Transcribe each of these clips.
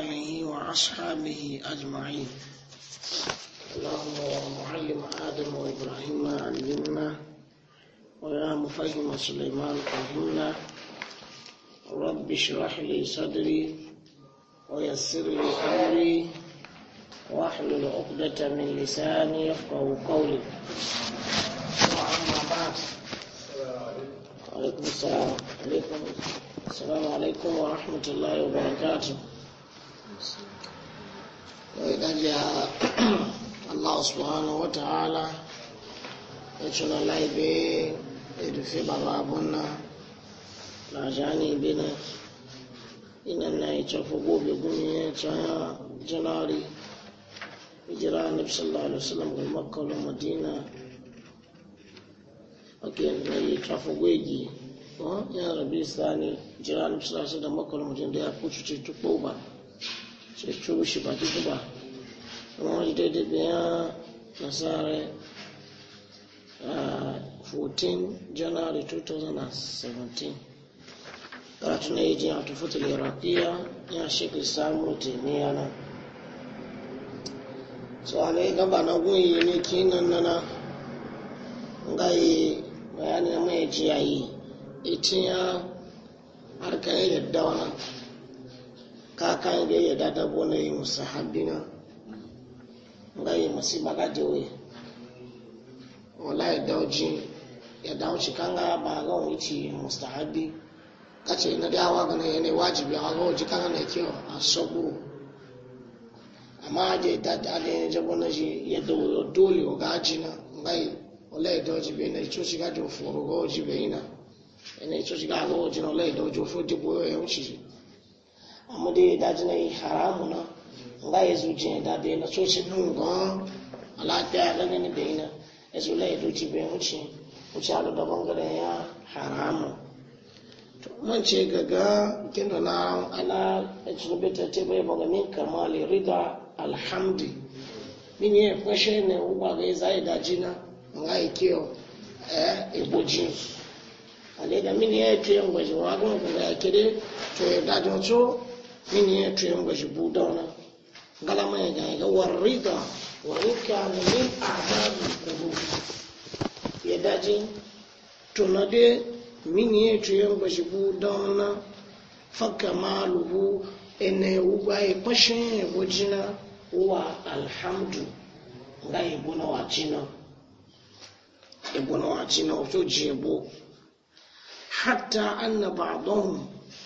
آله وأصحابه أجمعين اللهم يا معلم آدم وإبراهيم علمنا ويا مفهم سليمان فهمنا رب اشرح لي صدري ويسر لي أمري واحلل عقدة من لساني يفقه قولي وأما بعد السلام عليكم السلام عليكم ورحمة الله وبركاته ويدجى الله سبحانه وتعالى يشن الله بي يدفي بابنا لاجاني بنا إن الله يتفقوا بقمية جناري hijira annabi sallallahu alaihi wasallam ga makka madina ake yi tafi gwegi oh, ya rabi sani jira annabi sallallahu alaihi wasallam da makka madina da ya tukpo ba sai cugu shi ba tutu ba amma wani daidai biya nasara a 14 january 2017 karatun na yajin a tufutul iraqiya ya shekul samun taimiyya na so ale gaba na goyi ne kinan nana ngayi bayanin ya jiyayi ita ya harkar yadda wani kaka yi ya dada bona yi musu habina nga yi musu edoji we wala yi dauji ya dauci kanga ba ga wuce musu habi kace na da hawa ne wajibi a ga wuce kanga na kyau a sabu amma je ne ya jabo na shi ya dole na yi wala ya dauji bai na ga wuce bai na yana cikin shiga ga wuce na wala dauji ofo dibo ya e wuce amma dai daji na yi haramu na nga ya jin da bai na so shi nun ala alafiya ya gani da ina ya le ya zuci wuce wuce da ya haramu man ce gaga na ana ajinubita te bai baga min kamali rida alhamdi min ye ne ugba ya za daji na nga eh, ya kiyo ale da min ye mini ya tuyen ga jibu dauna galama ya ga ga warrida wa yaka min adabi kudu ya daji tunade mini ya tuyen ga jibu dauna fakka maluhu ene uba e pashin ya bujina wa alhamdu ga ibuna wa cina ibuna wa cina o to jibo hatta anna ba'dahum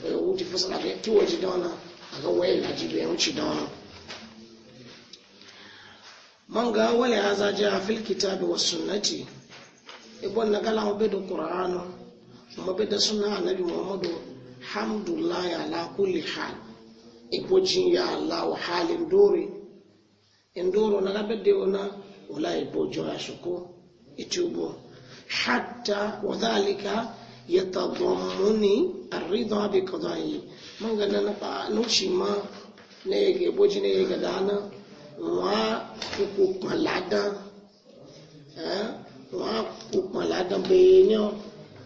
to wuti fasala to kiwo ji da wannan a ga na da ya wuce da wannan wale ya zaje a wa sunnati ibon na gala obe da qur'anu kuma be da sunna annabi muhammadu hamdulillahi ala kulli hal ibojin ya allah wa halin dore in na rabe da ona wala itubo hatta wa dhalika yatadammuni ar-ridha bi qada'i man ga na fa nushi ma ne ge boji ne ga dana wa ku palada eh wa ku palada be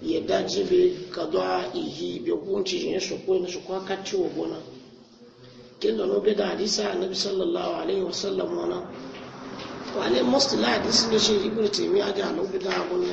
ya daji be qada'i bi kunci ne su ko ne su ko ka ci wona kin da no be da hadisa annabi sallallahu alaihi wasallam wana wale most hadisi ne shi ibnu taymiya da no be da gon ne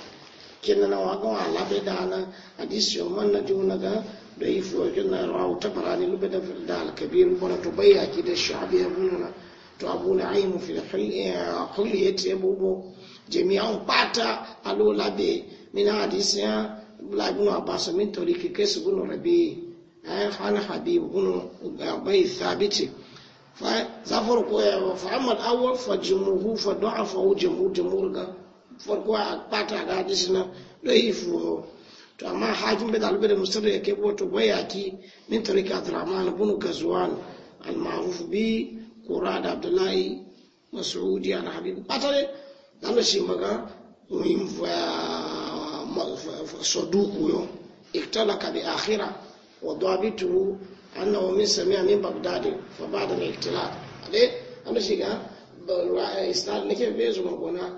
kí nana wà gán wà labẹ dala àti man na jiw naga do yi fo kí nana wà wuta mara ni lubé dafir dala kabi yin bɔra to bayi a ci de a bi yɛ bunu na to a bunu a yi mu fi xulli yɛ tiɛ bo bo jɛmi an pata a lo labɛ a ba sɔ mi tori ki kɛsi bunu rɛ bi ɛɛ eh, xaal xa bi bunu bayi sabiti. Fa zafur ko ya fa amal awal fa jumuhu fa du'a fa farko a bata ga hadisi na daifu to amma hakim bai dalibai da mustar ya kai wato bayaki min tarika abdurrahman bin gazwan al-ma'ruf bi kura qurad abdullahi mas'udi al habib bata ne dan shi maga muhim fa saduku yo iktalaka bi akhira wa dhabituhu annahu min sami'a min baghdad fa ba'da al-iktilaq ade an shi ga eh, isnad nake bai zuma gona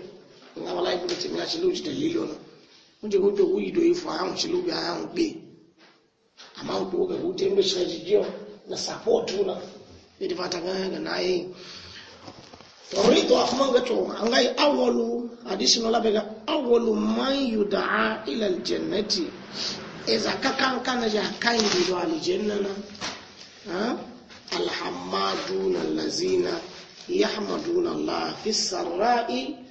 nga wala ibu ti mi a shilu ti dalili ona unje wujo wuyi do ifo ahun shilu bi ahun gbe ama wujo ga wute ndo shaji jio na support una idi fata ga ga na yi tawrito afman ga to an ga awwalu hadisi no labe ga awwalu man yud'a ila aljannati iza kakan kana ja kan yi do aljanna na ha alhammaduna allazina yahmaduna allah fi sarra'i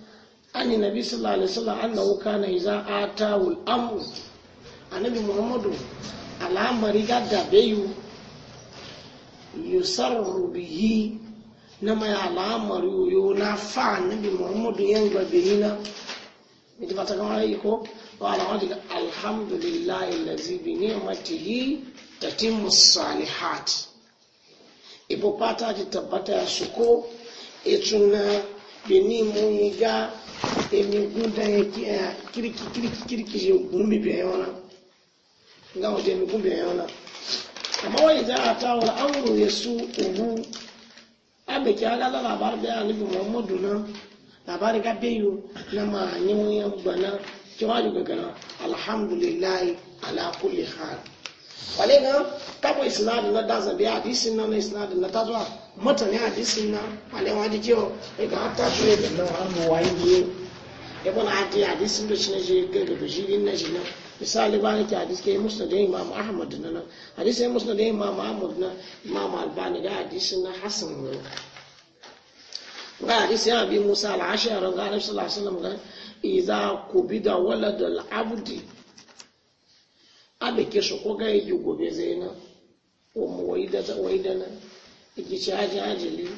ani nabi sallallahu alaihi wasallam annahu kana idza atahu al annabi muhammadu al'amari gadda bayu yusarru bihi na mai al'amari yoyo na fa annabi muhammadu yan gabe na ita ba ta kama yi ko wa al'amari ga alhamdulillah allazi bi ni'matihi tatimmu salihat ibo pata ji tabbata su ko etuna beni mu yi ga emi gunda ya kiya kirki kirki kirki shi gumi biya yawana ga wajen mi gumi biya yawana amma wani za a ta wani amuru ya su ubu abe ki aga labarin da ya nufi muhammadu na labarin ga beyu na ma ni mu ya gbana ki wani gagana alhamdulillahi ala kulli hal wale k'a kabo isnadin na dazan biya hadisin na na isnadin na a. mọ́tàn ní àdísí náà àlẹ́wọ̀n adíjẹ́ ọ̀ ẹ̀gá àtàkùn ẹ̀bẹ̀ náà wà mọ̀ wáyé yé ẹ̀bọ̀n àti na ji ṣe ṣe gẹ́gẹ́ tó ṣe rí na ṣe náà misali bani ke hadisi ke musnad imam ahmad nan hadisi imam ahmad na imam albani ga hadisi na ne ga hadisi ya bi musa al ga sallallahu alaihi wasallam ga abe ga yi gobe o ikici haji hajali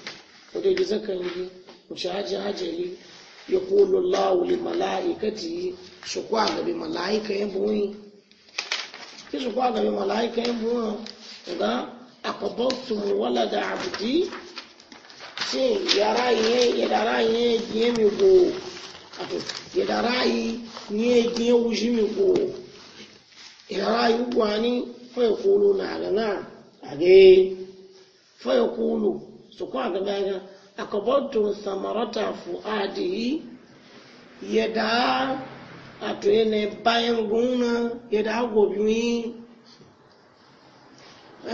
wadda yi zakan yi wuce haji hajali ya kolo lawuli mala'ikati su mala'ika yin buwi ki su kwa mala'ika wala da abudi si yara yi yadara yi giye mi go yadara yi ni giye wuji mi go yara yi kwa na gana na فيقول سكوا غاغا أقبضتم ثمرة فؤاده يدا أتوين باين غونا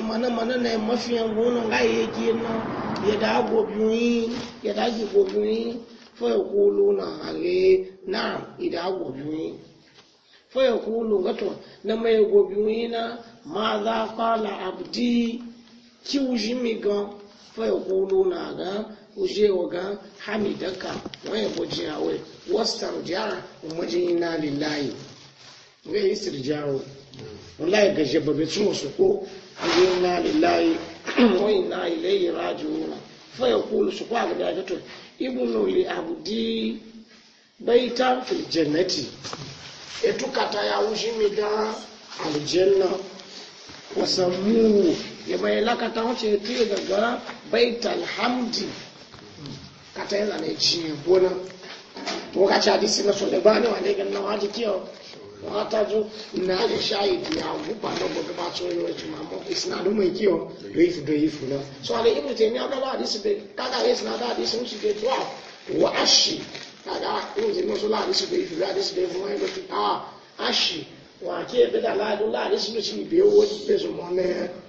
mana mana na mafiyan gona ga ya ji na ya da gobiyoyi ya da gobiyoyi faya kulu na hage na ida gobiyoyi faya kulu gato na mai gobiyoyi na ma za abdi ki ujimi gan fai kulu na aga uje wa gan hamidaka wani bujin awe wastar jara umajin ina lillahi ga yi sirjawo wallahi ga jababe tun su ko uje ina lillahi wani na ilayi rajiuna fai kulu su kwa gada gato ibnu li abdi baitan fil jannati etukata ya ujimi gan aljanna wasamuhu ya bai lakata wace tuyo daga baital hamdi kata yana ne ci gona to ka ci hadisi na sole ba ne wa ne ganin wa jiki yau wa ta na da shayi ya guba na gobe ba so yi wace mamu isnadu mai kiyo da yi da yi fula so ala ibnu taymiya ga hadisi be kaga yi isnadu hadisi mu shi ke tuwa wa ashi kaga ibnu taymiya so la hadisi bai la hadisi bai fula ne a ashi wa ke bida la la hadisi bai shi bai wo bai so mu ne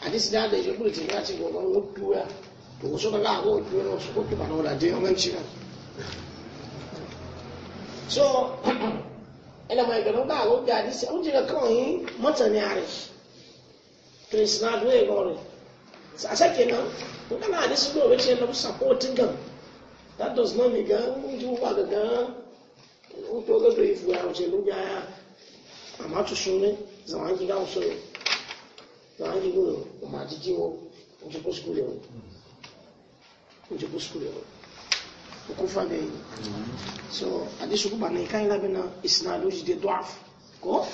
hadisi da da ibnu taymiya ya ce goban wudu ya to wasu kaga abu wudu ne wasu ko kuma wala dai amma shi so ina mai gaban ba abu da hadisi an ji ga kawai mutane are to isnad way gore sa sake nan to kana hadisi do na that does not mean ga mun ji ga ga ya Não, digo, o mativo, não se cusculhou. Não se cusculhou. O que falei? So, a deixa que banei, cai lá bem na isnadoji de doaf. Ko?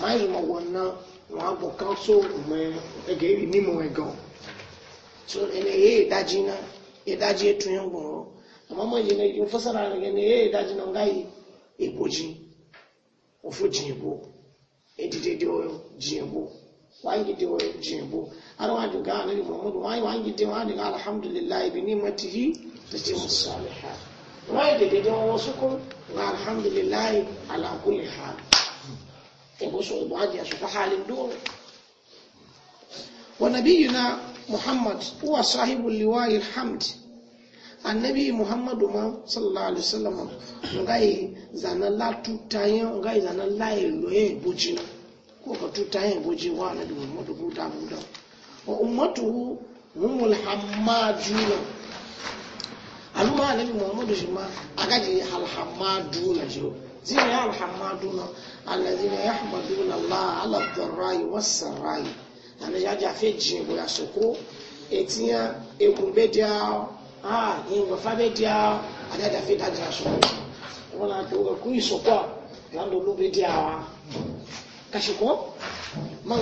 Mais uma wana, um abo canso, um egei mimo egão. So, ele é idade na, idade é tuiango. A mamãe, ele fassara, ele é idade não gai, eboji. O fudinho, ebo. Ele de deu dinheiro. wangi de wo jebo har wa duga annabi muhammad wai wangi de wa duga alhamdulillah bi ni'matihi tatimu salihat wai da de wasu ko wa alhamdulillah ala kulli hal e bo so ba ji su halin dole wa nabiyuna muhammad huwa sahibul liwa'i alhamd annabi muhammadu ma sallallahu alaihi wasallam ngai zanan latu tayin ngai zanan la elo bujina ta tayin boji wa na dubu mu dubu da mu da wa ummatuhu humul hammaduna aluma nabi muhammadu shi ma agaji al hammaduna shi zina ya al hammaduna alladhina yahmaduna allah ala dharrai was sarai ana ya ja fe jin go ya soko etia egun be dia ah yin go fa be dia ada da fe da ja so wala to go ku isoko ya ndo lu be dia wa كشكو من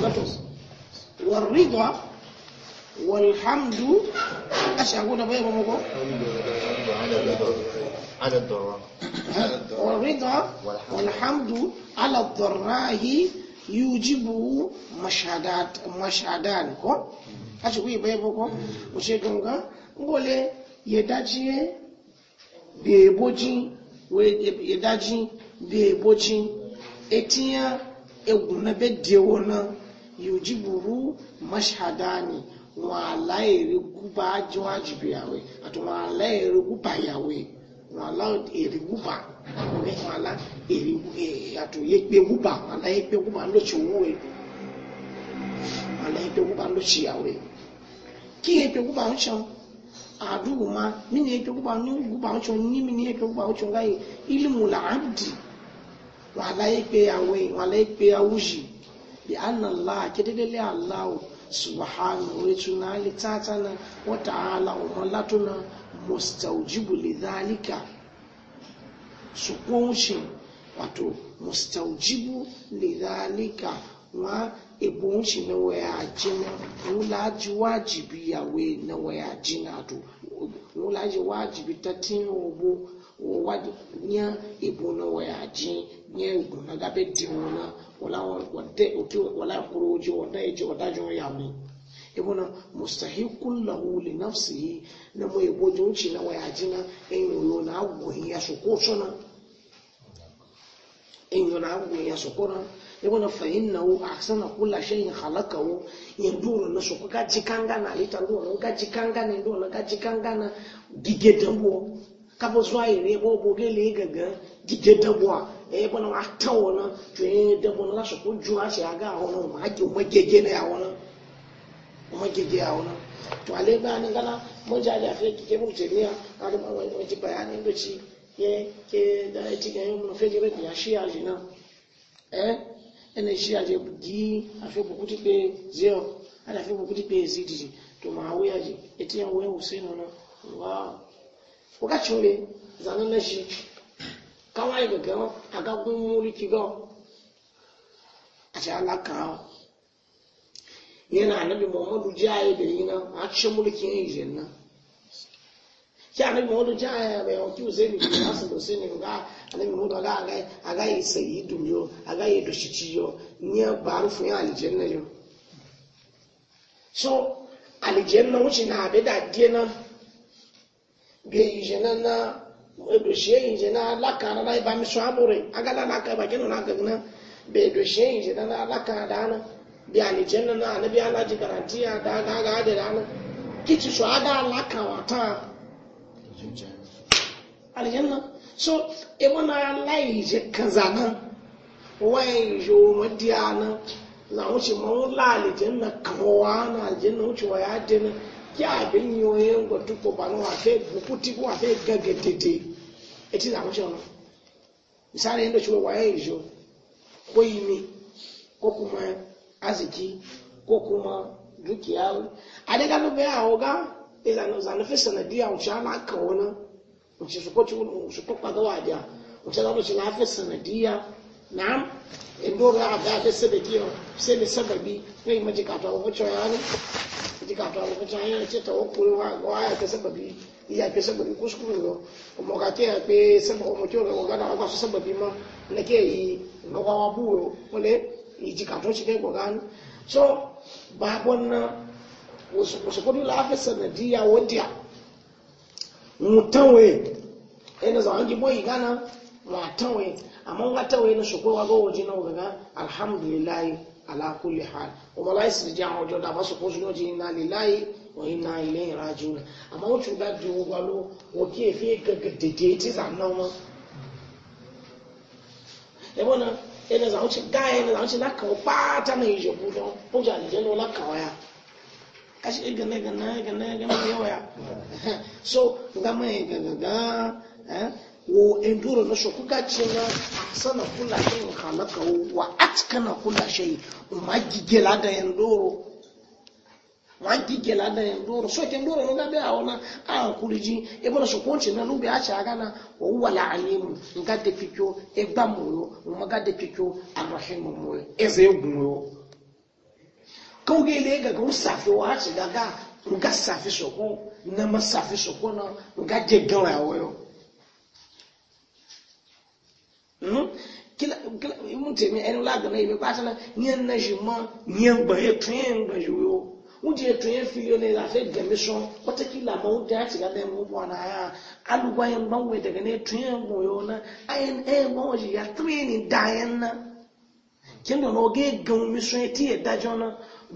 والرضا والحمد أشعقون بيه بمكو على الضراء والرضا والحمد على الضراء يوجبه مشهدات مشهدان كو أشعقوا بيه بمكو وشيكم ngole yedaji يداجي، we ويداجي beboji etiyan egwu na bedewo na yujiburu mashhadani wọn aláìrí gúbà jíwájúbi àwẹ àti wọn aláìrí gúbà yàwẹ wọn aláìrí gúbà wọn aláìrí àti yẹgbẹ gúbà aláìgbẹ gúbà lóṣù wọwẹ aláìgbẹ gúbà lóṣù yàwẹ kí yẹgbẹ gúbà ń sàn àdúgbò ma mí ni yẹgbẹ gúbà ń sàn ni wàhálàyé pé àwọn èèyàn wàhálàyé pé awúyì bí ànàlá akédèdélé aláwò subahana orituna litatana wata ala ọmọlátúna mustaujibu lidhalika sukunshin wato mustaujibu lidhalika wa ebonshi na waya jina wulaji wajibi ya we na waya jina to wulaji wajibi ta tin obo wadi nya ibu na waya ji nya ibu na gabe di wona wala wadde uki wala kuruji eji ya mu ibu na mustahikul lahu li nafsihi na mu ibu junci na waya ji na enyo na agwo ya enyo na agwo ya soko na ibu na fa innahu ahsana na ga na ga na na gige kabo zuwa ire bo bo gele gaga dide dabo a e bo na wata wona to e dabo na so ko ju ase aga wona ma ki ma magege na ya wona o magege ya wona to ale ba ni kana mun ja da fe kike mu jemiya ka da wani wani bayani do ci ye ke da e ti ga mun fe je ya shi ya jina eh ene shi ya je di afi bukuti pe zero ala afi bukuti pe zidi to ma wuya ji etiyan wuya husaino e na wa oga cimbe zana kawai ga a gagun mulki gawa a ce alaka yana annabi muhammadu jaye da yi na a cikin mulkin yin nan ki annabi muhammadu jaye bai yawon kiwo sai ne kuma nasu da ne ga annabi muhammadu aga aga yi sayi dumiyo aga yi doshi ciyo ni ya baru so na abe da diya na. be yije na na edo shie yije na alaka na na iba mi so abure agala na ka ba ke na gagna be edo shie yije na na alaka da na bi ali jenna na ana bi ala ji garantia da ga ga de na kici so ada alaka wa ta ali jenna so e mo na lai je kazana wa yijo madiana na wuce mun la ali jenna kawa na aljanna wuce wa ya dena kí àgbẹ̀ ní oye ń gbọ̀ dúpọ̀ ní wọn àfẹ́ bùkú tí wọn àfẹ́ gẹ́gẹ́ tètè etí ọ̀nà misali ko kuma aziki ko kuma dukiya a daga lube a oga izanu zanufi sanadiya wuce ana aka wani wuce su kwaci su kwakwa ga wadiya wuce zanufi shi lafi sanadiya na indoro ya abu ya fi sadadiya sai da sababi na yi majikata wuce ati kata wakuta yin ce ta wakuri wa ya ta sababi iya fi sababi kuskure lo kuma ka te pe sababi kuma kyau ga gana wa su sababi ma na ke yi lokwa wa buwo wale yi ji kato shi kai gogani so babon na wasu kudi lafi sanadiya wadiya mutanwe ina eh, zama ji boyi gana mutanwe amma wata wani su kowa ga waje na gaga alhamdulillahi alákólé ha ọmọláìsì lè jẹ́ àwọn ọjọ́ dá báṣọ kó súnmọ́ jí iná lè láyé wọ́n iná ilé ìrajú rẹ̀ àmọ́ ó tún bá di owó wa kí dèdè náà wọn. náà ẹni ti ẹni ti pátá náà lọ ó ya ya so wo enduro na shi kuka cewa sana kula shi wa halaka wa na kula shi ma gigela da enduro ma gigela da enduro so ke enduro nga be awona an kuliji e bona so konche na lumbe acha agana wa wala alimu nga de pikyo e gbamuyo ma ga de pikyo arrahimu moyo eze egumuyo kawgele ga ka usafi wa acha gaga nga safi soko na masafi soko na nga je gawa yawo kila kila mu temi ẹni lágbọn náà ìbí pátá náà yẹn náà ṣì mọ yẹn gbọn yẹn tún yẹn gbọn yìí o wọn jẹ tún yẹn fi yọ ní ìlàfẹ gẹmí sọ pọtẹkìlà mọ wọn dẹ àti gàdá ẹmu bọ náà yà alùpùpù yẹn gbọn wọn dẹgẹ náà tún yẹn gbọn yìí o náà ayẹn ẹyẹn gbọn wọn yìí yà tírẹ̀nì dà yẹn náà kí n dọ̀nà ọgẹ́ gan omi sọ yẹn tí yẹ dájọ́ náà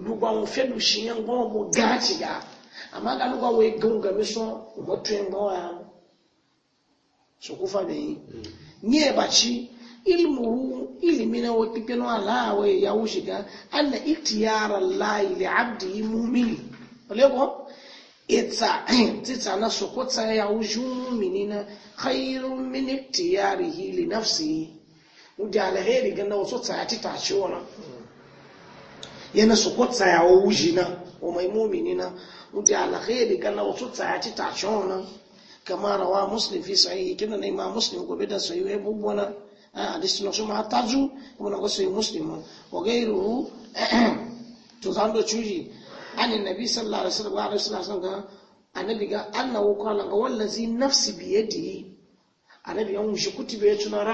lùgbọ́ àwọn fẹ́lú ṣì yẹn gbọn wọn bọ gán àti gà àmọ́ alùpùpù àwọn gan gẹmí sọ wọn tún yẹn gbọn wọn yà sọkúfà bẹ́yìn. nye bachi ilmuhu ilimi na wakipe na alawa ya wushiga anna itiyara lai li abdi mumini olego ita tita na sokota ya wushi mumini na khairu min itiyari hili nafsi uja alheri ganda wasu tsaya tita ci wani yana sokota ya wushi na wa mai mumini na uja alheri ganda wasu tsaya tita ci kama rawa muslim fi sahihi kina na imam muslim gobe da sahihi bubbona a hadisi na suma taju kuma na sahihi muslim wa gairu to an nabi ga annabi ga annahu ga wallazi nafsi bi yadihi annabi an shi kutibe ya tuna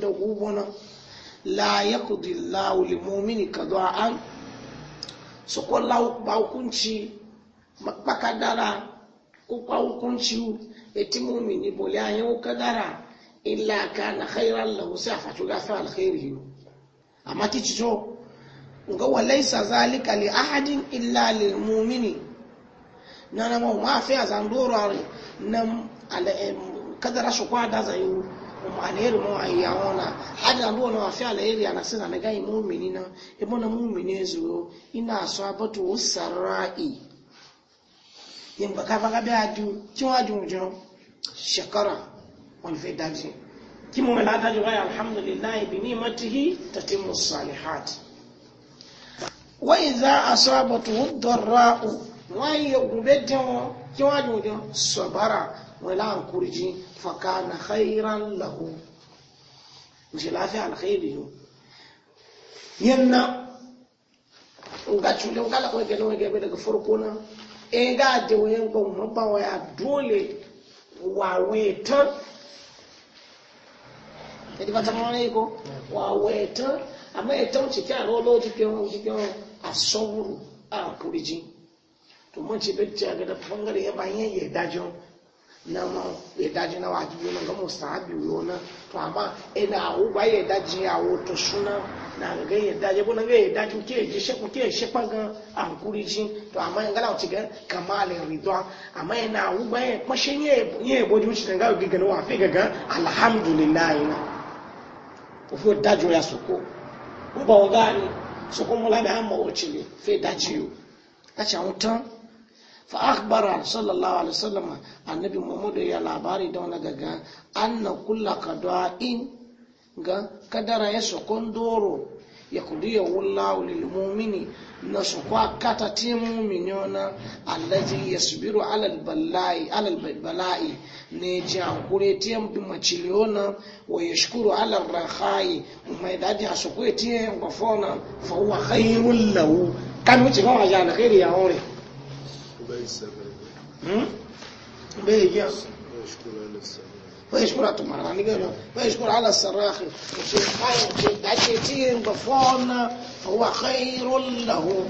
da gubona la beti mumini boli ayan kadara illa kana khairan lahu sai fatu ga fa alkhairi amma ti to ga walaisa zalika li ahadin illa lil mu'mini Na ma ma fi azan dorare nan ala kadara su kwa da zayu alheri mu ayaona hada ndio na afya alheri anasema na gai muumini na ebona muumini ezo ina asabatu usarai yemba kava kabe adu chiwa junjo shakara wani fi daji ki mu mala daji waya alhamdulillahi bi ni'matihi tatimmu salihat wa idza asabatu dharra'u wa yubetu ki waju jo sabara wala kurji fa kana khairan lahu mushi lafiya alkhairi yo yanna ga cule ga la ko ga no ga daga farko na e ga de wayan ko mabba waya dole wawetan ndipata maona iko wawetan ama etan chikyaro lo chipyon chipyon asowuru apuliji to mo chibe chagada fangare yabayen yedajo na ma yɛdagye na wadwodwo no nga mu saa biwio no to ama ɛna awogwa yɛ yɛdagye a woto so no na nga yɛdagye bo na nga yɛdagye wote yɛgye hyɛ wote yɛhyɛ pa ga ankorigyi to ama nga na wote ga kamal ridwa ama ɛna awogwa yɛ kpɔhyɛ nyɛ ɛbɔdi wokyerɛ nga wogi ga no wafe gaga alhamdulilahi na ofi soko woba wɔgaani soko mɔla bɛ ama wɔkyerɛ fe dagye o kakyɛ fa akhbara sallallahu alaihi wasallam annabi muhammadu ya labari da wani gaga anna kulla qada'in ga kadara ya sokon doro ya kudiya wallahu lil mu'mini na sokwa kata ti mu'mini ona allazi bala'i ala al bala'i ne ji hankure ti yamdu maciliona wa yashkuru ala al rakhai mai dadi fona fa kan kawai ya alkhairi ya بيجي أصلا ويشكر على تمر يعني قالوا ويشكر على الصراخ عشيتين بفون هو خير له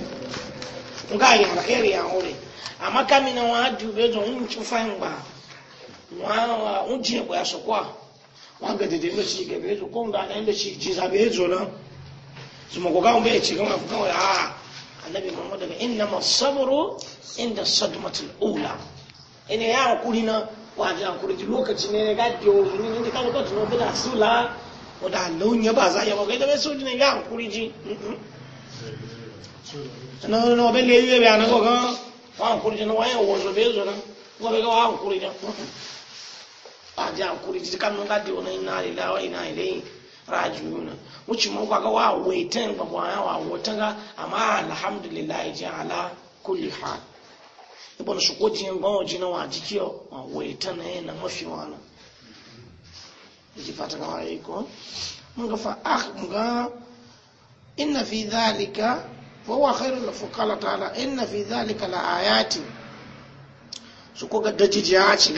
وقاعد على خير يا عوري أما كم من واحد يبدو هم تفهم با وأنتي يبغى سقوا wanga da dinga ci gabe su kun da ɗan da ci ji zabe zo nan su mako gawon bai ci gama kawai a annabi muhammad daga inna masabru inda sadmatul ula ina ya hakuri na wa ji hakuri ji lokaci ne ga da wuri ne ka lokaci no bila sula o da launya ba za ya ba kai da bai soji ne ga hakuri ji na na ba le yi ba na ko ga wa hakuri ji na wa ya wozo zo na ko ga wa hakuri ji a hakuri ji kan no ga da wani ina lillahi ina ilaihi rajuluna wuce mun kwaga wa wetan ba kwa yawa wata ga alhamdulillah ji ala kulli hal ibn sukuti yin gbawo jina wa jikiyo wa wetan na mafi wani ji fata ga waye fa ah mun inna fi dhalika wa huwa khairu fuqala ta'ala inna fi dhalika la ayati su ko ga dajijiya ci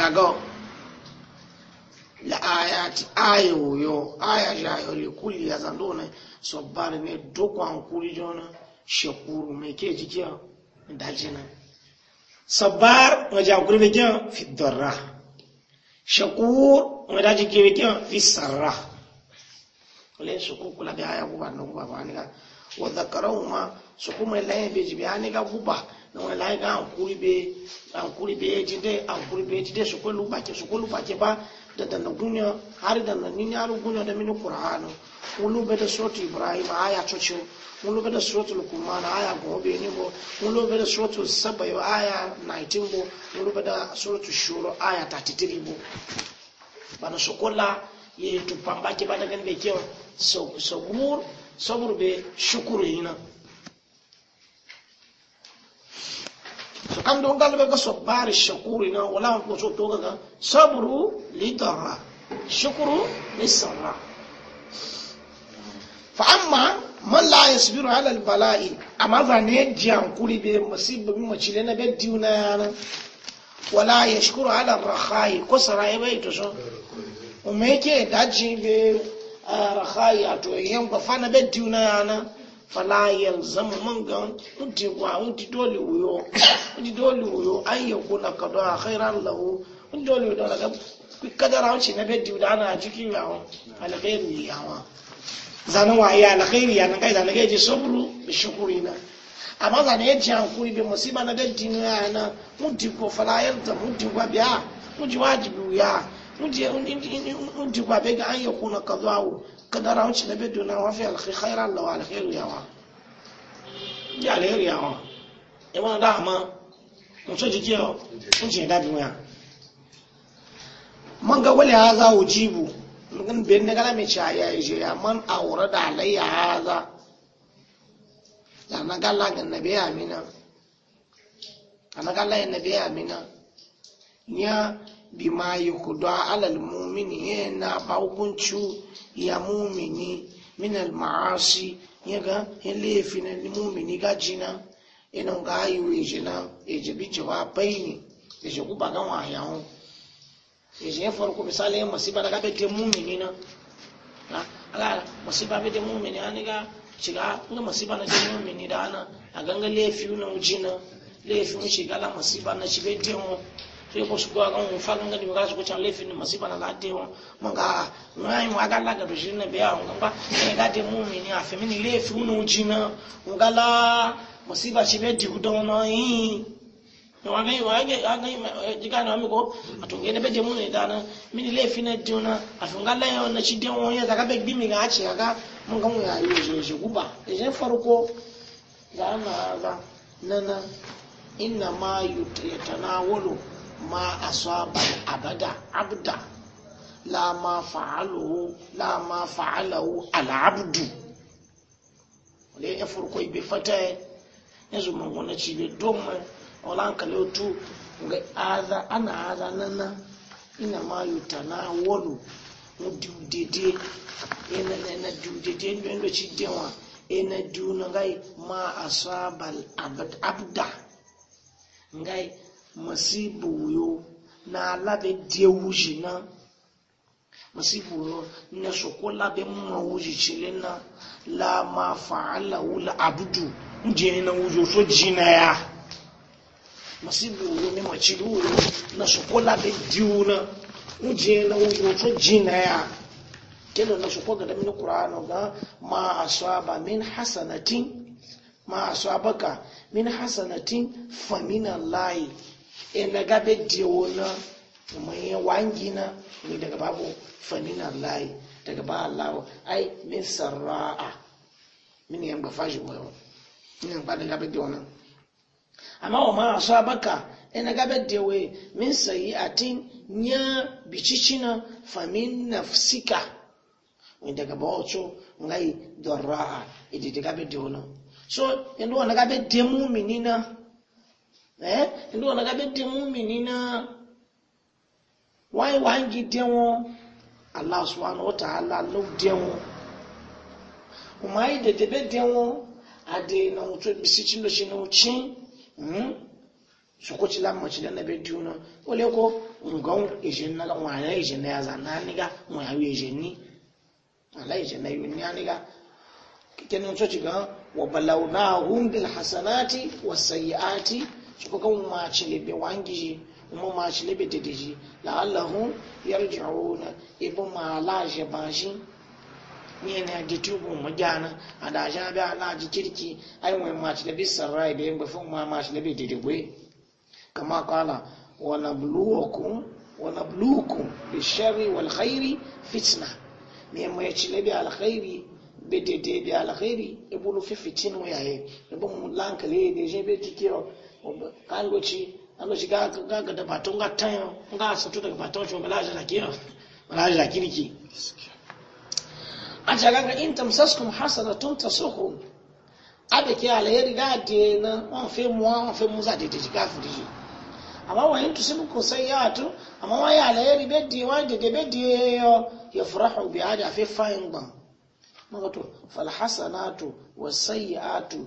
la ayati ayo yo aya jayo li kulli ya ne so bare ne doko an kuli jona shekuru me ke jikiya dajina sabar wa ja kuri be fi darra shakur wa daji jikiya be kiya fi sarra kule su ku kula aya guba no guba ba ni ga wa zakarahuma su kuma laye be jibi ani ga guba na wani laye ga an kuri be an kuri be jide an kuri be jide su kullu ba su kullu ba ba da dana gunya har da na nin yaro gunya da mini qur'anu wulu be da suratu ibrahim aya cocho wulu be da aya gobe ni bo wulu be da suratu sabai aya 19 bo be da suratu shura aya 33 bo bana ye kyo so so gur be shukuru kan don galga ga sabari shakuri na wala ko so to ga sabru lidarra shukuru lisarra fa amma man la yasbiru ala albala'i amma ba ne jankuri be musibu bi macile na be diuna yana wala yashkuru ala rakhai ko sarai bai to so o daji be rakhai ato yen ba fana be diuna yana fala yalzamu man gan uti wa uti dole wuyo uti dole wuyo an yakuna qada khairan lahu uti dole wuyo daga kadara wuce na beddi da ana cikin yawo alkhairi yawa zanen wa ya alkhairi ya nan kai zanen kai ji sabru bi shukurina amma zanen ya ji hankuri bi musiba na beddi ne ya na uti ko fala yalzamu uti wa biya uti wajibi ya uti uti wa be ga an yakuna qada kadara wuce na bedu na wafi alkhairi khairan lawa alkhairi yawa ya alkhairi yawa ya wani da dama mutu jiki yau sun ce dabi wuya man ga wale haza wujibu mun bin da kana mai ci ya yi ya man aure da alayya haza da na galla ga nabi amina ana galla ya nabi amina ya bima kudu alal mumini yana eh, ba hukuncu ya mumini minal ma'asi ga yin eh, laifin na mumini na ina ga ayu ejina ejibi jiwa baini eji kuba gan wayawo eji ya farko misali yin eh, masiba daga bete mumini na ala bai bete mumini an ga shiga nga masifa na je mumini da ana a ganga laifin na na laifin shiga la masifa na shi bete mu sai e e e ko su kwa kan falun gani ga su ko can laifin masiba na lade wa mun ga mai mu aga ga bishin na biya mun ba sai ga de mu mini a femini laifi unu jina mun masiba shi be digu don na yi ne wa ga wa ga ga jiga na mi ko atunge ne be de mu ne dana na diuna a fun ga la yo na shi de won ya daga be gbi mi ga ci ga mun ga mu ya yi je guba je farko da ma za nana inna ma yutanawulu ma asaba abada abda la ma fa'aluhu la ma fa'alahu al'abdu wale ya farko ibe fata ya zo mun na cibe don ma wala an kale to ga aza ana aza nana ina ma na wolu mu dudede ina na na dudede ndo ndo ci dewa ina na ngai ma asaba abda ngai masibu yo na alabe die wuji na masibu yo na soko labe mma wuji chile na la ma fa'ala wula abudu mjini na wujo so jina ya masibu yo ni machili yo na soko labe diwu na mjini na wujo so jina ya kelo na soko gada mini qur'ano ga ma asaba min hasanatin ma asabaka min hasanatin fa min allahi ina gabe jewo na mai wangi na ni daga babu fanin Allah daga ba Allah ai min sarra'a min yan ga fashi boyo ni ba daga be jewo na amma wa ma asabaka ina gabe jewo min sayi atin nya bicicina famin nafsika ni daga ba bawcho ngai dorra'a idi daga be jewo na so yanzu wani gabe demu minina eh ndo na gabe te mumini na wai wangi te won allah subhanahu wa ta'ala lo te won kuma yi da tebe te won ade na mutu bisi chindo shi na uchi mm soko chila mo chila na be diuna ole ko ngon ejen na wa na ejen na za na ni ga mo ya ejen ni ala ejen na yu ni ani ga kenan so ci ga wa balawnahum bil hasanati was sayyiati suka kan maci lebe wangi kuma maci lebe dedeji la'allahu yarji'una ibu ma laje bashi ni ne di tubu mu jana ada ja bi ala ji kirki ai mu maci lebe sarai be ngbe fun ma maci lebe dedegwe kama kala wa nabluwakum wa nabluwakum bi sharri wal khairi fitna me mu ci lebe al khairi be dede be al khairi ibulu e fi fitinu yaye ibun e lankale de je be tikiro kangoci angoci ga ga da baton ga tayo ga sutu daga baton shi mala ji lakiya mala ji lakirki an shaga ga in ta hasanatun tasukum abe ke alheri ga de na on fe mu on fe mu za de ji ga fu ji. amma wa in tusibukum sayyatu amma wa ya alheri be di wa de de be di yo yafrahu bi hada fe fa'in ba maka to fal hasanatu was sayyatu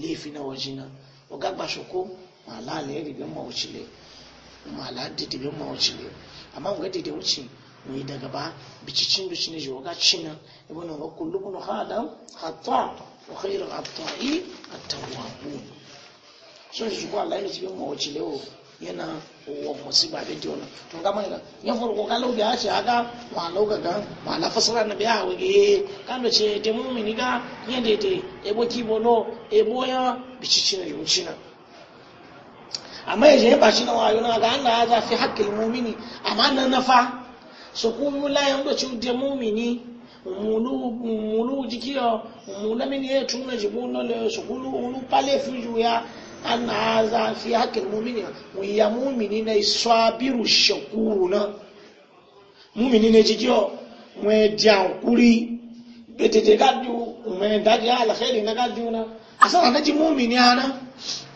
laifi na waje na oga gbasho ko mala ne ribin mawucile mala didibin mawucile amma mu ga dide wuce mu yi daga ba bicicin bici ne jiwa gaci na ibn wa kullu ibn adam khata wa khairu at-ta'i at-tawwabun so shi ko Allah ya ribin mawucile o yana wa musiba da ke wannan to ga mai ya farko ka laubi ya ce haka ma lauka ga ma na fasara na biya hawa ge kan da ce te mumini ga yadda te ebo kibono ebo ya bicicina yucina amma yaje ya bashi na wayo na ga Allah ya zafi hakkil mumini amma na nafa so ku mu la yando ci de mumini mulu mulu jikiyo mulu ya tuna jibuno le so kulu ulu pale fuju ya an haza fi haƙƙin mumini wani ya mumini na sabiru shakuru na mumini na jijiyo wani jankuri betete gadiu wani daji alkhairi na gadiu na asana na ji mumini ana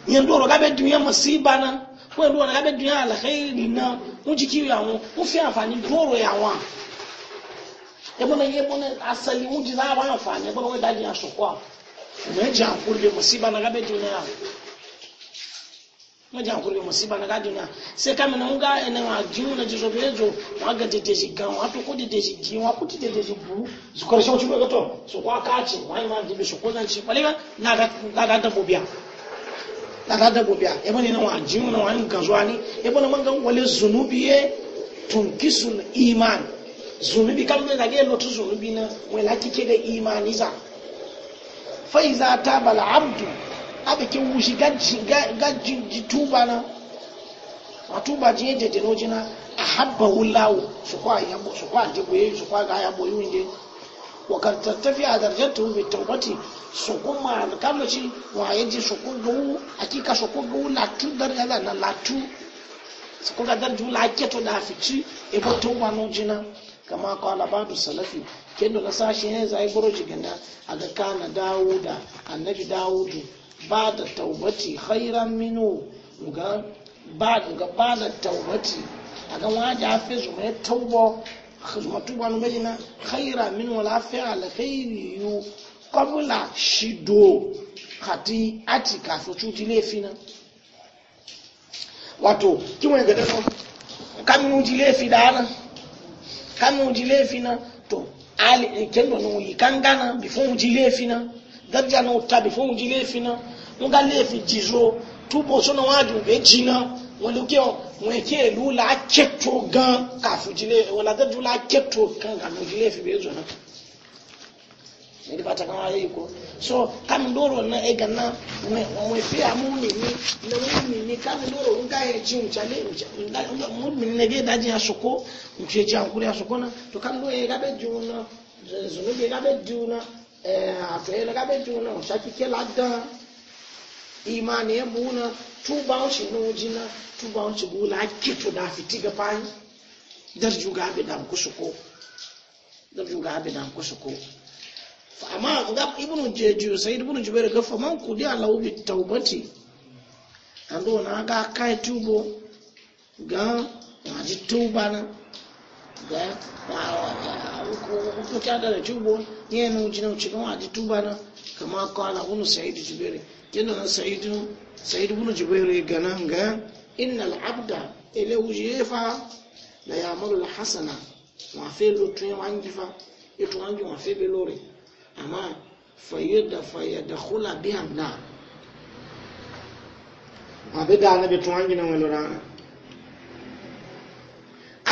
yin doro gabe duniya masiba na wani doro gabe duniya alkhairi na wọ́n jí kiri àwọn wọ́n fi àǹfààní dúró àwọn yabona yabona asali wọ́n jí sáà wọ́n àǹfààní yabona wọ́n dájú àṣọkọ́ àwọn ọmọ ẹ̀jẹ̀ àǹkórí lè mọ̀ síbá majan kurbe musiba na gadi na seka kame ene wa jiu na jisobezo bezo wa ga dede ji gan wa to ko dede ji ji wa kuti dede ji bu su ko shi ko to su ko aka ci wa ma ji be su ko zan ci kwaliga na ga na wani da bobiya na ga da zunubi ye tunkisu na wa iman zunubi kama da ga lotu zunubi na wala kike imaniza faiza za la abdu aga kin wushi ga tuba na a tuba ji yadda jino jina a habba hulawo su kwa yabo su kwa je yi su kwa ga yabo yi wunje wa kan tattafi a darjatu bi tawbati su kuma alkalaci wa ya ji su kun gawu kika su kun gawu latu dargaza na latu su kun ga darju to da fici ebo tuba no jina kama kwa badu salafi kendo na sashen yanzu a yi buru jigina a ga kana dawuda annabi dawudu ba da taubati khairan minu ga ba ga ba da taubati a waje a fi zuma ya taubo zuma tuba nu gaji na khaira min wala fi khairi yu qabla shido khati ati ka so chuti le fina wato kiwon ga da kaminu ji le fi da nan kaminu ji le fi na to ali kendo nu yi kangana bifo ji le fi na darja nu ta bifo ji le fi na nga laifi jizo tubo suna waju be jina wani ke wọn ke lu la keto gan kafu jile wala da la keto gan ga mu fi be zo na ne di bata kan ayi ko so kam doro na e ganna me o me ni ni na mu ni ni kam nga e ji un chale mu mi ne ge daji asoko un che ji an kuri asoko na to kam do e ga be ji un na zo ne ge ji un na eh afi ji la dan imani ya muna tubawo shi na wajina tubawo shi gula hakki to da fiti ga fayi dar juga abi da ku suko dar juga abi da ku suko fa amma ga ibnu jeju sai ibnu jubair ga fa man kudi alau bi taubati ando na ga kai tubo ga ma ji tuba na ga muka da tubo yin nan jinan cikin a tuba na kama kwana wani sa'idu jibere yana na sa'idu sa'idu wani jibere gana ga inna al'abda ele wuje fa la ya la hasana wa fe lutu ya wangi fa ito wangi wa fe belore amma fayyada fayyada khula bihan na abin da na betun wangi na wani rana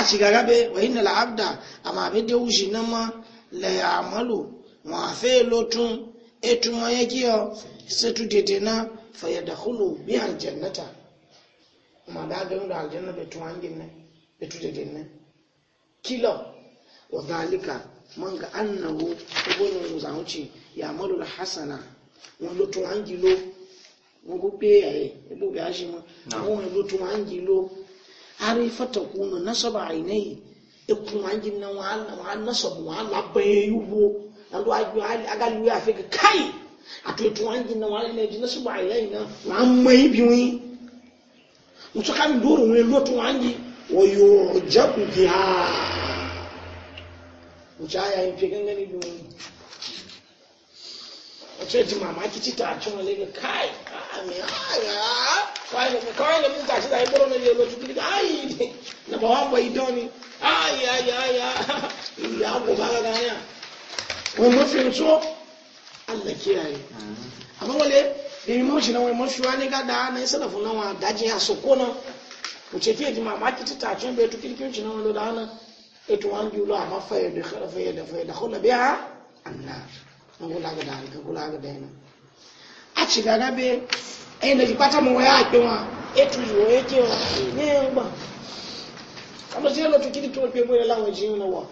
ci gaga be wa la al'abda ama be de uji nan ma la ya'malu wa fe lotun etu ma yake yo setu dede na fa yadkhulu bi aljannata ma da ga da aljanna be tu angin ne be tu dede ne kilo wa dalika man ga annahu ubunu zauci ya'malu hasana wa lotun angilo mo go pe aye e bo ga shi mo àwọn lotun angilo Ari fata kuna nasaba ainihi ikun angin na wa nasaba wa labai yubo na ajiyo hali agali ya fi kai ikun angin na wahala ile ji nasaba ainihi na wahala mai biwi mutu kan duru ne lotu angi wa yujabu biha mutu aya yi fi gangani a ce ji mamaki ci ta cin wale kai ami haya faile Allah kiyaye amma wale ebi na wewe mfi wani ga da na isa da funan wa daji ya sokona uche fiye di mamaki ti ta chen betu kiri kiri china da dana etu wangi ulo ama fayyadu khala fayada, fayyadu khula biya annar na gulaga da alka gulaga da yana achigaga be ende chipata mwe yake wa etu yoyeke wa nyemba kama zelo tukili tu pe mwele lawo jiona wa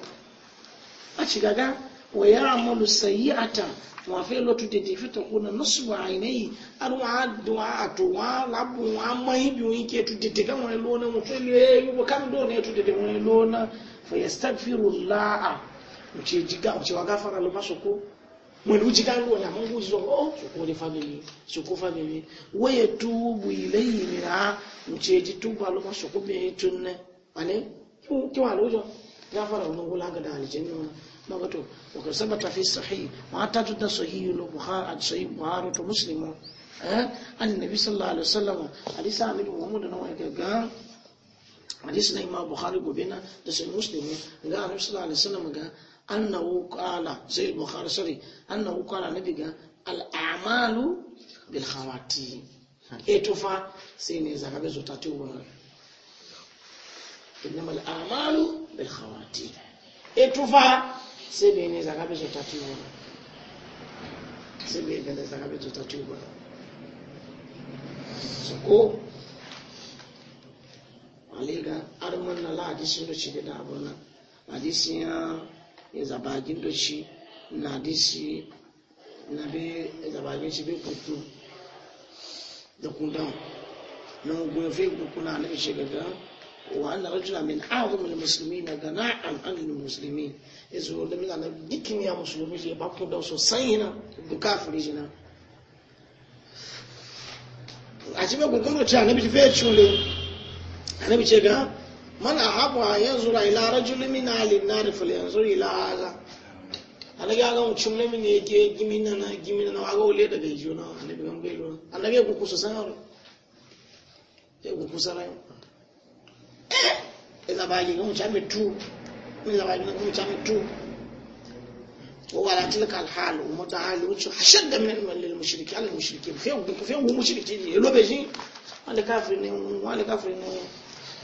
achigaga wa ya'malu sayyi'ata wa fe lo tu de fito kuna nusu wa ainai aru wa duwa atu wa labu wa mai bi wike tu de ga mwe lo na mutele yubo kam do na mwene uchikandu na mungu zongo oh, sokole family soko family waye tubu ilayhi mina mcheji tubu aloma soko be tunne ane ki walo jo gafara mungu langa da aljanna maga to wa sabata fi sahih wa ta tudda sahih al ad sahih bukhari to muslimo, eh ane nabi sallallahu alaihi wasallam hadisa annabi muhammad na wa ga hadisi na imam bukhari gobe na da sahih muslim ga annabi sallallahu alaihi wasallam ga annahu qala sai bukhari sari annahu qala nabi ga al a'malu bil khawati etufa eh, sai ne zaka bezo tatuwa innama al a'malu bil khawati etufa eh, sai ne ne zaka bezo tatuwa sai ne ne zaka bezo tatuwa sako aliga arman na la hadisi no chide da abona hadisi ya ezabagin do shi na disi na be ezabagin shi be kutu da kundan na fe na shi gaga wa anna rajula min a'zam al na gana'an an na dikin ya musulmi je ba kundan so na a cikin gugunar ce annabi fe cule ce mana haɓu a yanzu ra ila rajulun min alin na rufil yanzu ila haza a ya ga mutum ne min yake gimina na gimina na waga wale daga ijo na annabi gan bai a annabi ku kusa san ya ku kusa rai eh ina ba gina gan mai tu ina ba gi gan mutum tu da تلك الحال ومتعال وشو حشد من للمشركين على المشركين فين فين المشركين لو بيجي على wani وعلى ne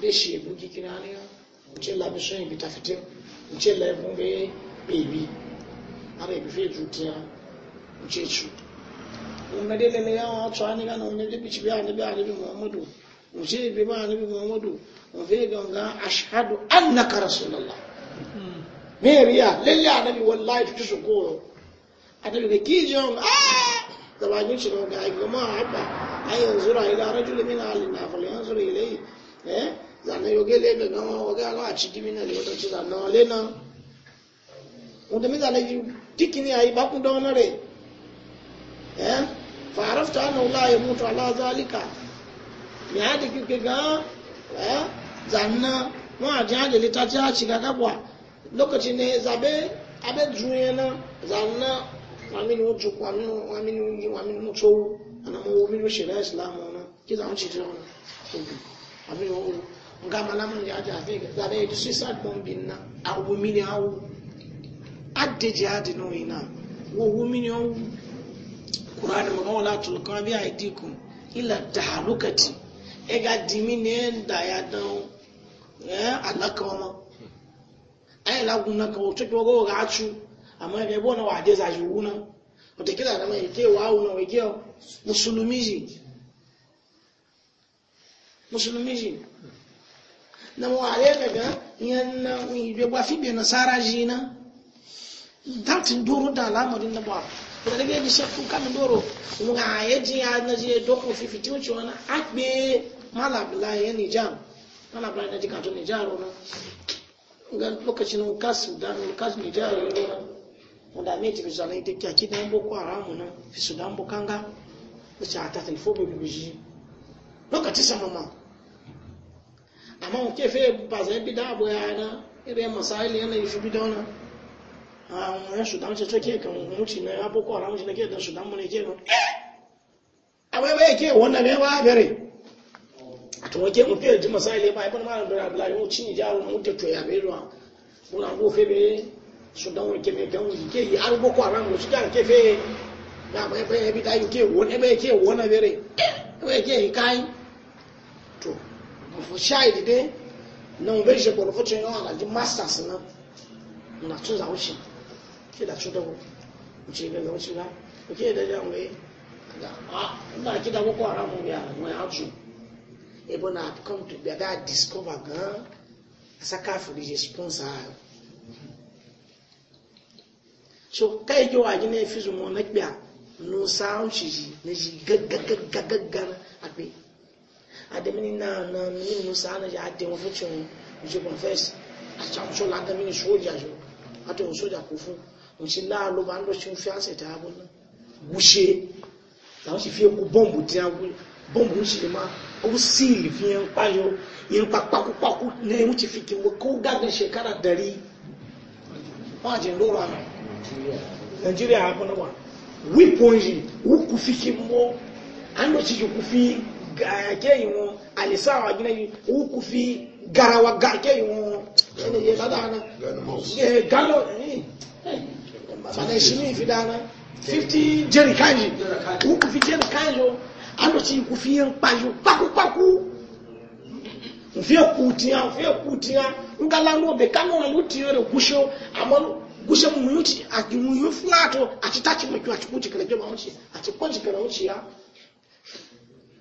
be shebu gikinaniga mucella be soyi bitafitin mucella ebunge bebi ara ebife jutiya mucecu umede lele yawa atso aniga na umede bici be anabi anabi muhammadu muce be ba anabi muhammadu mufe ganga ashhadu annaka rasulullah me riya lele anabi wallahi tutusu koyo anabi ga kijon ah zabagin shi ga ga ma haba ai yanzu ra'ayi ga rajulun min ahli nafal yanzu yi eh zana yoge lebe gan wọn ọgá àwọn àtìdímí náà lèwọ́tọ̀ tí zana ọlé náà wọn tẹ̀mí zana yìí kíkìní àyè bákún dánwọ́n rẹ̀ ẹ́ fàárọ̀fẹ́ àná ọlá ẹ̀mú tó aláàzálíkà ní àdì ke gan zana wọn àti àdèlé tàti àti kàkàpọ̀ lókàtí ní zabe zana ni mi o nga malaman ya jafe zabe ya dusu don bombin na a mini awu adde jihadi no ina wo ubu mini awu qur'an ma wala tulqa bi aidikum illa tahalukati e ga dimi ne da ya don eh alaka ma ai la gunna ka wato ko ga achu amma ga bona wa de za juna wata kila da mai ke wa wu na, musulmi ji musulmi ji na mawale daga yan ba fi bai nasara ji na datin doro da alamarin na ba da daga yadda shakku kan doro nga ya ji ya na je malabla ya nijar malabla ya ji kanto nijar ga lokacin kasu da kasu nijar wani wanda mai tafi kyaki da yan boko haramu na fi sudan bukanga lokacin amma mu kefe baza zai bi da abu ya na irin masaili yana yi fi bi da wani a wani sudan ce ta ke kan mutu na ya boko mutu na ke da sudan mu ne ke kan abai bai ke wannan ne ba bere to wake mu fiye ji masaili ba ibn malam da abdullahi mu cin jawo mu da to ya bai ruwa muna go fe be sudan wake me kan ke yi al boko haram mu su kan kefe da bai bai bi da yi ke wannan bai ke wannan bere bai ke kai fo ayi be na mo be je ko di masters na na tun za wuce da tun da ko mu ce ga wuce ga ko ke da ja mu ga a na ki da ko ara mu ya mu ya tu e bona come to be that discover gan asa ka fu di sponsor so kai e ki wa ji ne e fizu mo na kya no sa wuce ji ne ji gaggagaggaggana a ademini na na mini musa ana ya ademu fún tiwọn ojú confess àti àwọn sọlá ademini sójà yọ àti òun sójà kò fún òun ti láà ló máa ń lọ sí fi àṣẹ tá a bọ náà wúṣe làwọn sì fi eku bọ́ǹbù dín àwọn bọ́ǹbù ń ṣe máa ó síìlì fi yẹn ń payọ yẹn ń pa pakúpakú ní ẹ̀hún ti fi kí wọ́n kó gàgán ṣe kára darí wọ́n àti lóra nàìjíríà abọ́nàwà wípọ̀ yìí wọ́n kò fi kí mọ́ àná ti ku fi. ke wọn alisawa gina yi uku fi garawa ga ke wọn yana yi fada na galo masana eh, eh, shi fi dana 50 jerikanji uku fi jerikanji ano ti uku fi yan payo pakupaku nfi ekutia nfi ekutia ngalanu obe kanu na luti yore gusho amonu gushe mu yuti aki mu yu flato ati tachi mu yu ati kunchi kala ya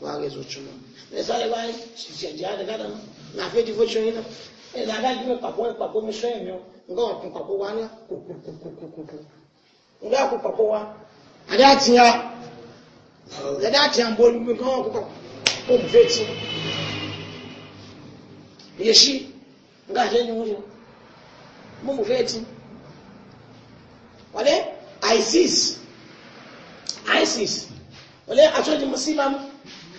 wage zo chuma ne sale ba si ja de kada na fe devotion ina e da ga di pa ko pa ko mi so enyo nga o kun pa ko wa na ku ku ku ku ku ku nga ku pa ko wa ada tiya da mi ko ku ko mu nga je yo mu mu wale isis isis wale acho di musibam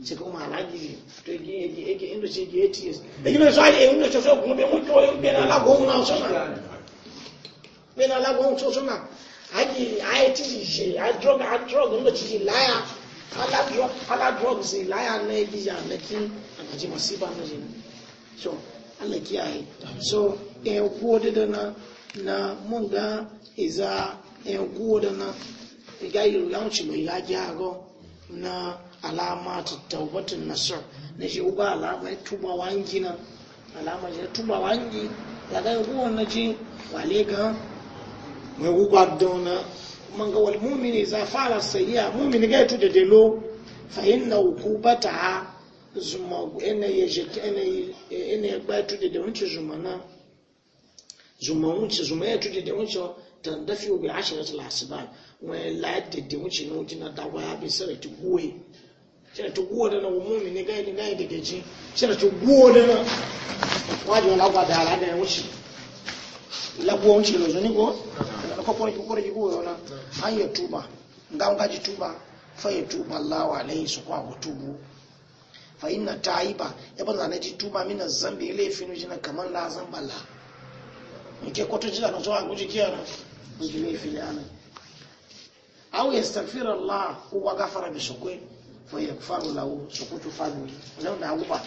nse ko maa laaji to egi egi egi endo se egi eight egi na zaa ewu na soso kun bɛ mutu oye bɛ na lago ŋun na sɔsɔ na bɛ na a drug a drug ti ala si ya na ji si na ji so so eh, de na na ga eh, de na yi ti ya ja na alamatu taubatun nasar na shi uba alama ya tuba wangi na alama ya tuba wangi ya ga yago na ce wale ga mai gugwa dauna man ga wal mumini za fara sayya mumini ga tu da delo fa ba ta ha zuma ene ya jike ene ya ba tu da da zuma na zuma wanci zuma ya tu da da wanci tandafi bi ashiratul hasban wọn la dede wọn tsi wọn gyina da wọn abe sẹrẹ ti yi sẹrẹ ti na wọn mu mi ni gan yi ni gan yi sẹrẹ ti guo de na wọn adi wọn la gba da wọn tsi la wọn tsi lọ zoni ko kɔkɔrɔ yi kɔkɔrɔ yi guo yɔ na an tuba nga ka di tuba fa tuba la wa tubu fa na yi ba ɛ bɛ na tuba mi na zan bi ele fi gyina kama la zan ba la na a ko ti kiyana o au yastaghfir Allah huwa ghafara bi shukwe fa yaghfaru lahu sukutu fadli nan da guba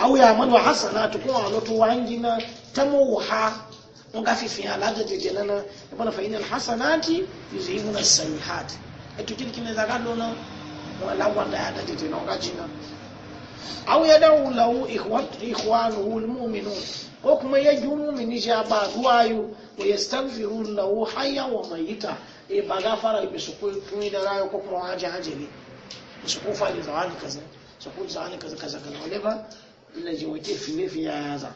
au ya man wa hasanatu ko wa lotu wangina tamuha nga fifi alaga jejenana bana fa inal hasanati yuzhibuna as-sayyihat eto kile kinaweza kadona wala wanda ya jejena nga jina au yadau lahu ikhwanuhu almu'minun ko kuma yaji mu'mini ja ba duwayu wa yastaghfirun lahu hayya wa mayyita e ba gafara bi su kuyi da rayu ko kuma wajen hajjali su ku fali za wani kaza su ku za wani kaza kaza kaza wale ba na ji wake ne fiye yaya za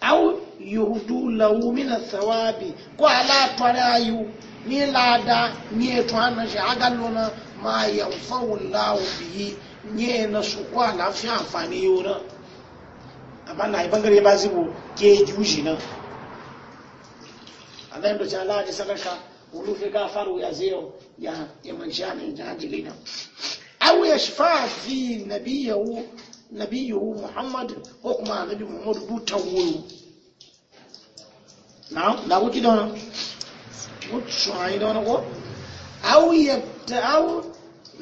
au yuhudu lahu min thawabi ko ala tarayu ni lada ni to an shi agallona ma ya yanfa'u lahu bi ni na su ku ala fi amfani yona amma na bangare ba zibo ke juji nan Allah ya dace Allah ya sadaka ulufe gafaru ya zeo ya ya manjani jajilina au yashfa fi muhammad ko kuma nabi na na wuki don wuci ai don ko au yabta au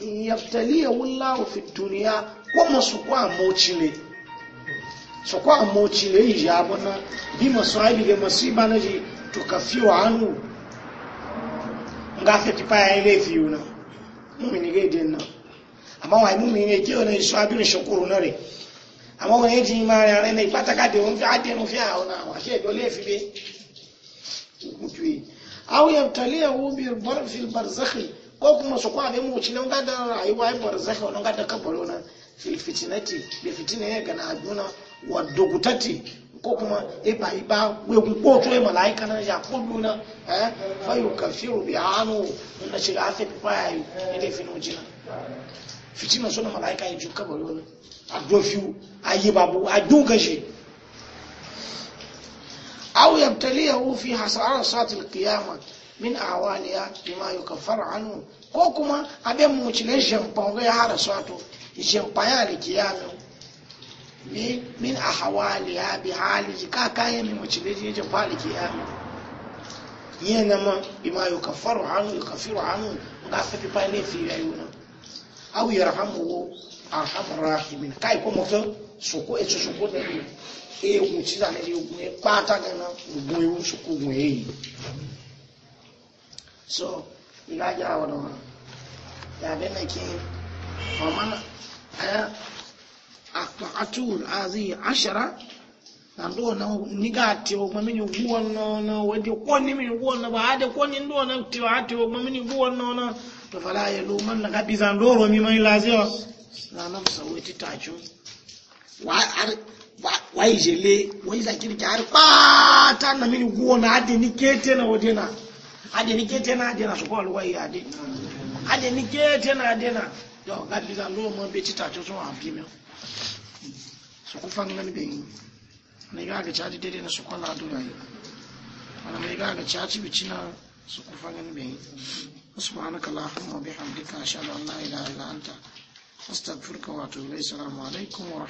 yabtaliyahu allah fi dunya ko masu so kwa mochile ya bona bi masu aibi ga masiba naji tukafiwa anu nga fiti paya ile fiyu na mumini ga idin nan amma wai mumini ne ke wani su abin shukuru na re amma wani yaji ma ya rai na ipata ka de won fi ade fi a ona wa she do le fi be kutui aw yabtaliyahu bi barfi al barzakhi ko kuma su kwa mu ci nan ga da rayuwa ai barzakhi wannan ga da kabaro na fil fitinati bi fitina ya gana aduna wa dugutati ko kuma iba iba wegun ko to malaika na ja kullu na eh fa yukaffiru bi anu na shiga afi fayu ide finu jina fitina sona malaika yi juka bari wani ado fiu ayi babu ado gashi aw yabtaliyahu fi hasaran satil qiyamah min awaliya bima yukaffaru anhu ko kuma abin mucilin shampan ga ya hara sato shampan ya da kiyamin min ahawali ya bi haliji ka kayan mi mace da jejin faliki ya yi na ma ima yi kafaru hannu yau kafiru hannu ga fafi fa ne fi yayu na abu ya rahamu wo arhamar rahimin kai ko mafi soko etu soko da ne ewu ci da ne ewu ne pata gana gun ewu soko gun eyi so ila ja wa da ya bɛ na ke eh? mama aya atwatun azi ashara ando na nigati ogwa mini guwa no no wadi ko ni mini guwa no baade ko ni ndo na ti ati ogwa mini guwa no no to fala ya lu man na biza ndoro mi mai lazio na na saweti tacho wa ar wa ijele wa iza kiri ki har pata na mini guwa na ade nikete na odena ade ni kete na ade na so wa ya ade ade nikete na ade na yo kabisa ndoro mo titacho so ambi mi su ku fangan bin na ga ga caji daidai na su kwala dura yi wani mai ga ga caji bici na su ku fangan bin subhanaka allahumma bihamdika ashhadu an la ilaha illa anta astaghfiruka wa atubu ilayk assalamu alaikum wa